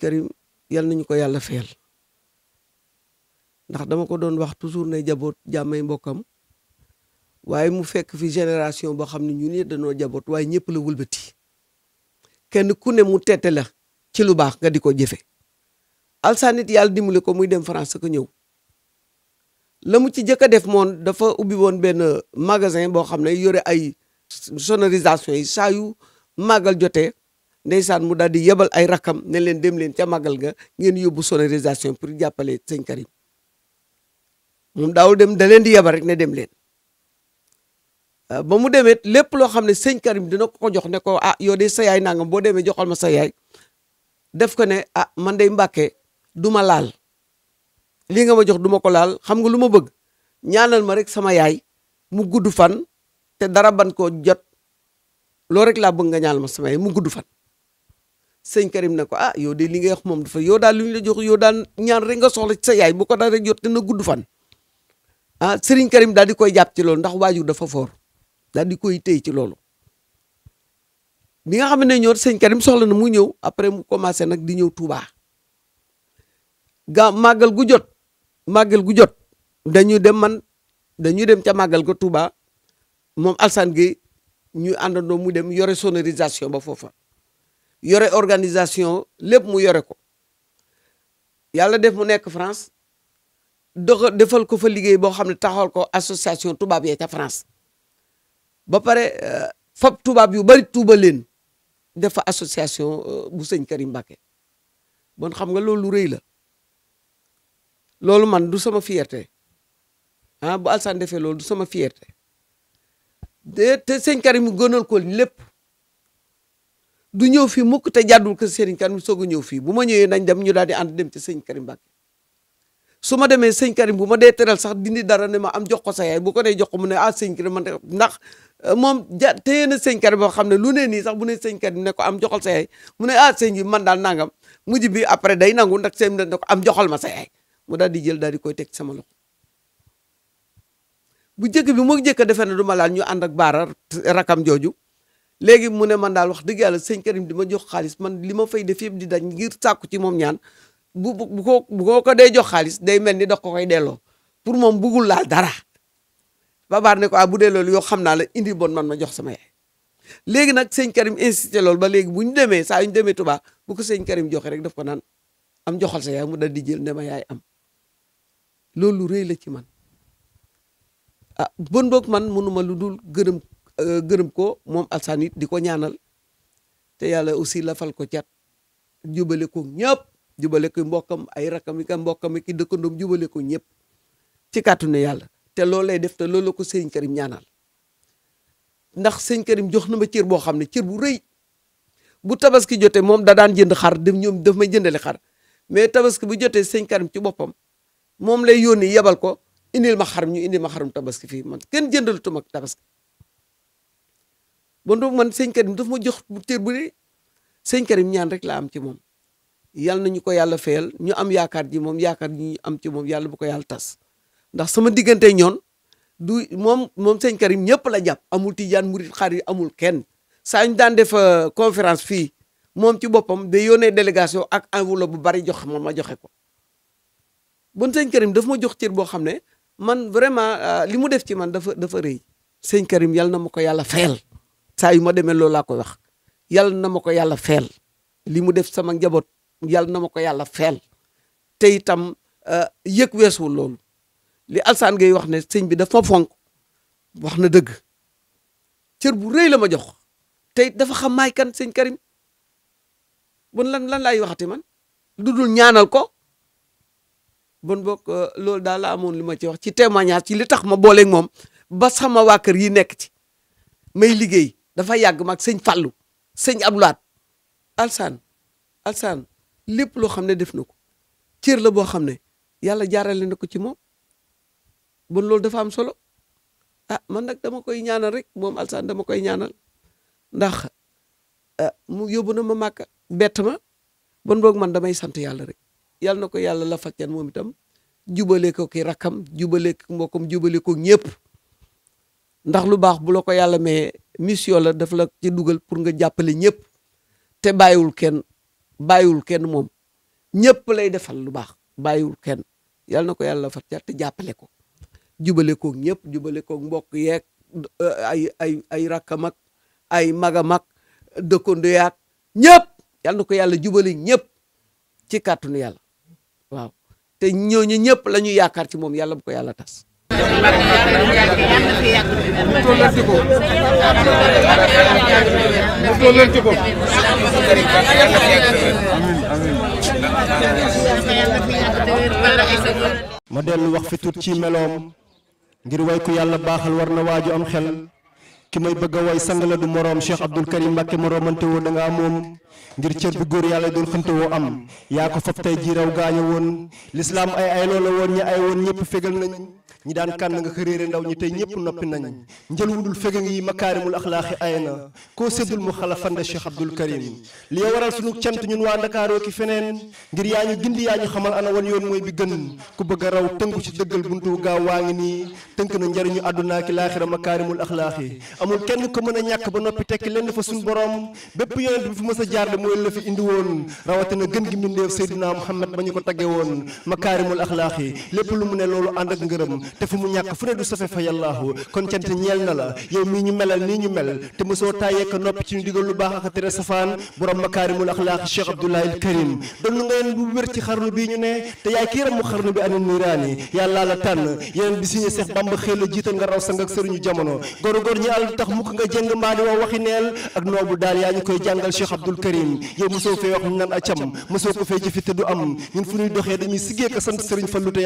Karim yal nañu ko yàlla fayal ndax dama ko doon wax toujours ne jaboot jàmmay mbokkam waaye mu fekk fi génération boo xam ne ñun it dañoo jaboot waaye ñëpp la wëlbati. kenn ku ne mu tette la ci lu baax nga di ko jëfe alsanit yàlla dimbali ko muy dem France ko ñëw la mu ci jëkk a def moom dafa ubbi woon benn magasin boo xam ne yore ay sonorisation yi saa yu màggal jotee ndeysaan mu daal di yebal ay rakkam ne leen dem leen ca màggal ga ngeen yóbbu sonorisation pour jàppale sëñ Karim moom daawul dem da leen di yebal rek ne dem leen Euh, ba mu demet lepp lo xamne ne Karim dina ko jox ne ko ah yo de sa nangam bo demé joxal ma sa def ko ne ah man day Mbàkke duma laal nga ma jox duma ko laal xam nga luma bëgg ñaanal ma rek sama yaay mu guddu fan té dara ban ko jot lo rek la bëgg nga ñaanal ma sama yaay mu guddu fan Karim ne ko ah yo de li nga wax mom dafa yo dal lu la jox yo dal ñaan rek nga soxla sa bu ko dara jot na fan ah sëriñ Karim dal di koy japp ci lool ndax waju dafa for daal di koy téy ci loolu bi nga xam ne ñoo sëñ Karim soxla na mu ñëw après mu commencé nag di ñëw Touba ga màggal gu jot màggal gu jot dañuy dem man dañuy dem ca màggal ga tubaa moom Alsane Gueye ñu àndandoo mu dem yore sonorisation ba foofa yore organisation lépp mu yore ko yàlla def mu nekk France dox defal ko fa liggéey boo xam ne taxawal ko association tubaab yee ca France ba pare eh, fab tubaab yu bari tuuba leen defa association eh, bu sëñ Karim Mbacké bon xam nga loolu rëy la loolu man du sama fierté ah bu alsan defe loolu du sama fierté de te sëñ Karim mu gënal ko lépp du ñëw fii mukk te jàddul ko sëñ mu soog ñëw fii bu ma ñëwee nañ dem ñu daal di ànd dem ci sëñ Karim Mbacké su demee sëñ Karim bu ma dee teral sax dindi dara ne ma am jox ko sa yaay bu ko dee jox ko mu ne ah sëñ Karim man ndax mom ja téye kat bo xamne ne lu ne ni sax bu ne sëñkat kat ne ko am joxal sa mu ne ah sëñ bi man dal nangam mujj bi après day nangu ndax sëñ bi ne ko am joxal ma sa mu dal di jël dal di koy tek sama lox bu jëkk bi mo jëkk defe ne du laal ñu and ak baara rakam joju léegi mu ne man dal wax deug yalla Karim di jox xaliss man lima fay def yeb di dañ ngir sakku ci mom ñaan bu bu ko bu ko day jox xaliss day melni ni da ko koy delo pour mom bugul laal dara babaar ne ko ah bu dee loolu yoo xam naa la indi bon man ma jox sama yaay léegi nag sëñ Karim insisté loolu ba léegi bu ñu demee saa yu ñu demee Touba bu ko sëñ Karim joxe rek daf ko naan am joxal sa yaay mu dal di jël ne ma yaay am loolu rëy la ci man a ah, bon boog man mënuma lu dul gërëm euh, gërëm ko moom alsaan di ko ñaanal te yàlla aussi la fal ko cat jubale ko ñëpp jubale ko mbokkam ay rakam yi ka mbokkam yi ki dëkkandoom jubale ko ñëpp ci kàttu ne yàlla te loolu lay def te loolu la ko sëñ Karim ndax sëñ Karim jox na ma cër boo xam ne cër bu rëy bu tabaski jotee moom da daan jënd xar dem ñoom daf may jëndale xar mais tabaski bu jotee sëñ Karim ci boppam moom lay yónni yebal ko indil ma xarum ñu indil ma xarum tabaski fii man kenn jëndalatu ma tabaski bon donc man sëñ Karim daf ma jox cër bu rëy sëñ Karim ñaan rek la am ci moom. yàlla na ñu ko yàlla fayal ñu am yaakaar ji moom yaakaar ji am ci moom yàlla bu ko yàlla tas. ndax sama digënté ñoon du mom mom sëñ Karim ñëpp la japp amul tidiane mourid xarit amul kenn saa daan def euh, conférence fi mom ci bopam de yone délégation ak enveloppe bu bari jox ma ma joxé ko bon sëñ Karim daf ma jox ciir bo xamné man vraiment euh, li mu def ci man dafa dafa reuy sëñ Karim yal na ma ko sa fayal saa yu ma démé lool la ko wax yal na ma ko li def sama njabot yal na ko yàlla itam euh, yek lool li Alsaan Gueye wax ne sëñ bi dafa ma fonk wax na dëgg cër bu rëy la ma jox tey dafa xam maay kan sëñ Karim bon lan lan laay waxati man lu dul ñaanal ko bon boog euh, loolu daal la amoon li ma ci wax ci témoignage ci li tax ma booleeg moom ba sama waa kër yi nekk ci may liggéey dafa yàgg mag sëñ Fallou sëñ Abdoulaat Alsaan Alsaan lépp loo xam ne def na ko cër la boo xam ne yàlla jaarale na ko ci moom bon loolu dafa am solo ah man nag dama koy ñaanal rek moom Alsaan dama koy ñaanal ndax ah, mu yóbbu na ma màkka bett ma bon boog man damay sant yàlla rek yàlla na ko yàlla la fak yan moom itam jubale ko ki rakkam jubale ko mbokkam jubale ñëpp ndax lu baax bu la ko yàlla mayee mission la daf la ci dugal pour nga jàppale ñëpp te bàyyiwul kenn bàyyiwul kenn moom ñëpp lay defal lu baax bàyyiwul kenn yàlla na ko yàlla la fak yan te jàppale ko jubale ko ñep jubale ko mbokk yek eh, ay ay ay rakamak, ak ay magam ak ko ndu yak ñep yalla ko yalla jubale ñep ci katunu yalla waaw te ñoo ñëpp la lañu yaakar ci mom yalla bu ko yalla tas ma delu wax fi ci melom ngir way ku yàlla baaxal war na waaju am xel ki may bëgg a way sang la du moroom Cheikh Abdul Karim Mbàkke moroomante woo da ngaa moom ngir cër bi góor yàlla dul xamte woo am yaa ko fab tey ji raw gaaño woon lislaam ay ay loola woon ñi ay woon ñëpp fegal nañ ñi daan kànn nga ko réere ndaw ñi tey ñëpp noppi nañ njëlwudul fega ngi makaarimul axlaaxi ayna koo séddul mu xala fande Cheikh Abdoul Karim li waral sunu cant ñun waa Ndakaaroo ki feneen ngir yaa ñu gindi yaa ñu xamal ana wan yoon mooy bi gën ku bëgg a raw tënku ci dëggal buntu gaaw waa ngi nii tënk na njariñu àdduna ki laaxira makaarimul axlaaxi amul kenn ko mën a ñàkk ba noppi tekki lenn fa suñu borom bépp yonent bi fu mës a jaar de mooy la fi indi woon rawatina gën gi mbindeef Seydina Muhammad ba ñu ko tagge woon makaarimul axlaaxi lépp lu mu ne ànd ak ngërëm te fu mu ñàkk fu ne du sofe fa yàllaahu kon cant ñeel na la yow mii ñu melal nii ñu mel te mosoo taayee ko noppi ci ñu digal lu baax ak tere safaan borom makaarimul axlaaq Cheikh Abdoulahi al Karim doon nga bu wér ci xarnu bi ñu ne te yaay kii ramu xarnu bi ana niiraani yàllaa la tànn yeneen bi siñu Seex Bamba xëy la jiital nga raw sang ak sëriñu jamono góor góor ñi àll tax mukk nga jëng mbaa di wax waxi neel ak noobu daal yaa ñu koy jàngal Cheikh ko fee jëfi te du am ñun fu ñuy doxee dañuy siggee ko sant sëriñ Fallu te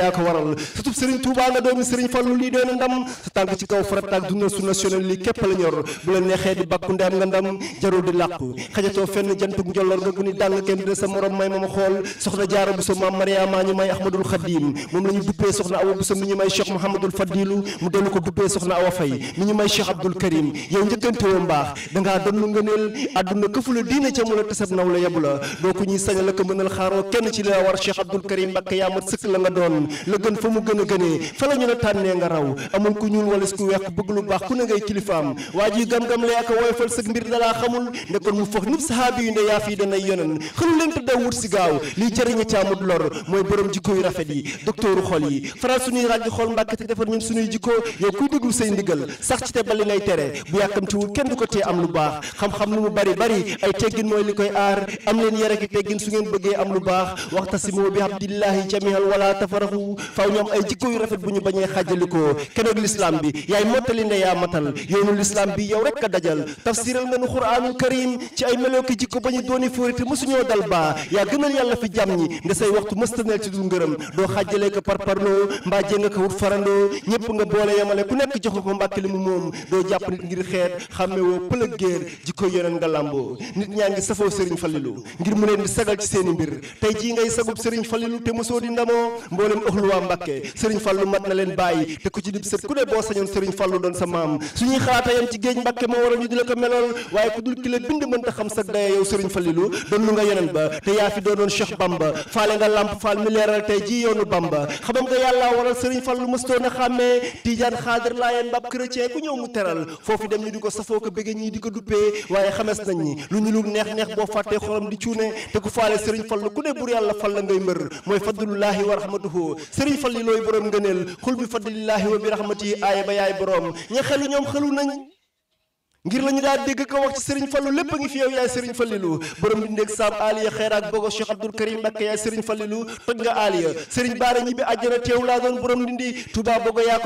doomi Serigne Fallou lii doy a ndam sa tànk ci kaw farata ak dundal su national lii képp la ñor bu la neexee di bàkku ndeyam nga ndam jarul di làqu xajatoo fenn jantug njolloor nga guni dàng kenn de sa morom may mama xool soxna jaara bu sa maam Mariama ñu may Ahmadul Khadim moom la ñu duppee soxna awa bu sa mi ñu may Cheikh Mouhamadul Fadilu mu dellu ko duppee soxna awa fay mi ñu may Cheikh Abdoul Karim yow njëkkantewoo mbaax dangaa la diine ca mu doon la gën a ñu la tànnee nga raw amul ku ñuul wala ku weex bëgg lu baax ku ne ngay kilifaam waa ji gam-gam la ak woyofal sa mbir dalaa xamul nekkoon mu fox nit sahaabi yu ne yaa fii danay yonen xëlu leen tëddaw wut si gaaw liy jëriña caamut lor mooy borom jikko yu rafet yi doktooru xol yi faral suñuy ràjji xol mbàkke te defar ñun suñuy jikko yow kuy déglu say ndigal sax ci te bali ngay tere bu yàkkamtiwul kenn du ko tee am lu baax xam-xam lu bañ a xajalikoo keroog lislaam bi yaay mottali nde yaa matal yoonu lislaam bi yow rek a dajal tafsiral nga nu quraanul karim ci ay meloo ki jikko ba ñu dooni fóorite mësuñoo dal baa yaa gënal yàlla fi jàmm ñi nga say waxtu mëstaneel ci dul ngërëm doo xàjjalee ko parparloo mbaa jénga ko wut farandoo ñëpp nga boole yemale ku nekk jox ko mbàkke li mu moom doo jàpp nit ngir xeet xàmmewoo pël géer jikko yeneen nga làmboo nit ñaa ngi safoo sëriñ leen bàyyi te ku ci dib sët ku ne boo sañoon sëriñ Fallu doon sa maam suñuy xalaata yam ci géej mbàkke moo waral ñu di la ko meloon waaye ku dul ki la bind mënta xam sa daya yow sëriñ Fallilu doon lu nga yeneen ba te yaa fi doonoon Cheikh Bamba faale nga làmp faal mi leeral tey ji yoonu Bamba xamam nga yàlla waral sëriñ Fallu mëstoon a xàmmee Tijaan xaadir laayeen bab chrétien ku ñëw mu teral foofu dem ñu di ko safoo ko bëgge ñii di ko duppee waaye qul bi fadlillahi wa bi rahmatihi ba yaay boroom ña xelu ñoom xelu nañ ngir la ñu daa dégg ko wax ci Serigne Fallou lépp a ngi fi yow yaay Serigne Fallilou borom bi ndéeg saam aliya xeer ak bogo Cheikh Karim Mbacké yaay Serigne Fallilou toj nga aliya Serigne Baara ñibbi àjjana teew laa doon borom ndindi Touba bogo a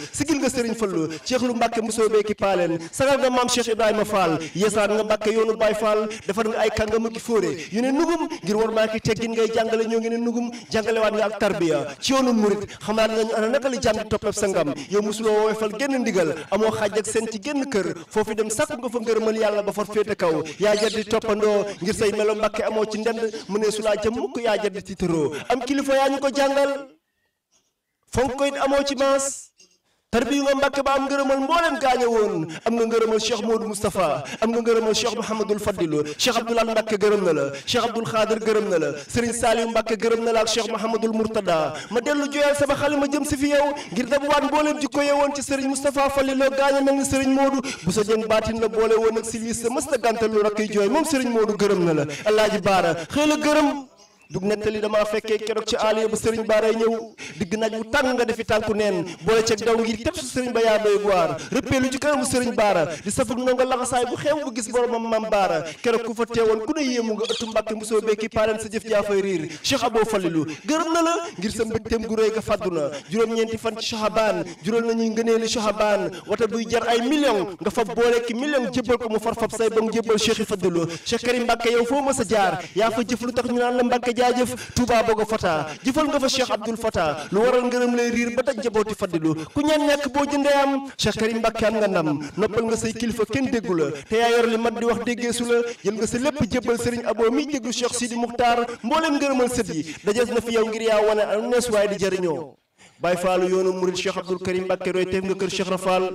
ci di lu Mbacké mosoo beeki paaleen sagal nga maam Cheikh Ibrahima Fall yeesaan nga Mbacké yoonu Baye Fall defar nga ay kàngamu ki fóore yu ne nugum ngir war maa ki teggin ngay jàngale ñoo ngi ne nugum jàngalewaat nga ak tarbiya ci yoonu murit xamaat nañu ana naka la jàng toppab sa ngam yow mosuloo woyofal génn ndigal amoo xaaj ak seen ci génn kër foofu dem sàkku nga fa ngërëmal yàlla ba far féete kaw yaa di toppandoo ngir say melo mbàkke amoo ci ndend mu su laa jëm mukk yaa di tiitaroo am kilifa yaa ñu ko jàngal fonk ko it amoo ci maas tarbiyu nga Mbàkke ba am ngërëmal mboolem gaañe woon am nga ngërëmal Cheikh Modou Moustapha am nga ngërëmal Cheikh Mouhamadul Fadilou Cheikh Abdoulaye Mbàkke gërëm na la Cheikh Abdoul gërëm na la Serigne Saliou gërëm na la ak Cheikh Mouhamadul Mourtada ma dellu joyal sama xalima jëm si fi yow ngir dabuwaat mboolem jikko ye ci Serigne Moustapha Fallilou gaañe mel ni Serigne Modou bu sa jëng baatin la boole woon ak silvis sa mës ta rakk yi jooy dug nettali damaa fekkee keroog ci aaliya ba sëriñ baaray ñëw digg naaj wu tàng nga defi tànku neen boole ceeg daw ngir tepp su sëriñ ba yaa doy waar rëppeelu ci kanamu sëriñ baara di safug na nga laxasaay bu xew bu gis boromam mam baara keroog ku fa teewoon ku ne yéemu nga ëttu mbàkke mosoo bekki paaren sa jëf jaafay riir cheikh aboo falilu gërëm na la ngir sa mbégteem gu réy ga fàddu na juróom-ñeenti fan ci chahabaan jural nañuy ngëneeli ba mu jébbal cheikh i fadilu cheikh karim mbàkke yow foo ma sa jaar yaa fa jëf lu jaajëf Touba Bogo Fata jëfal nga fa Cheikh Abdoul Fata lu waral ngërëm lay riir ba daj jabooti faddilu ku ñaan ñàkk boo jëndee am Cheikh Karim Mbàkke am nga ndam noppal nga say kilifa kenn déggu la te yaa yor li mat di wax déggeesu la jël nga sa lépp jébbal sëriñ aboo mi déglu Cheikh Sidi Muxtaar mbooleem ngërëmal sët yi dajees na fi yow ngir yaa wane am waaye di jariñoo bay faalu yoonu murit Cheikh Abdoul Karim Mbacke roy teef nga kër Cheikh Rafal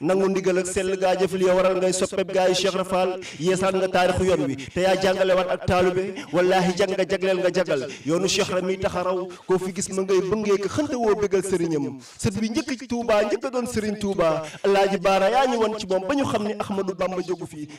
nangu ndigal ak sell gaa jëf li waral ngay soppeb gaa yi Cheikh Rafal yeesaan nga taarixu yoon wi te yaa jàngalewaat ak taalube wallaahi jàng nga jagleel nga jagal yoonu Cheikh Rami taxaraw koo fi gis ma ngay bëngee ko xënte woo bégal sëriñam sët bi njëkk Touba njëkk a doon sëriñ Touba alaaji baara yaa ñu won ci moom ba ñu xam ne Ahmadou Bamba jógu fii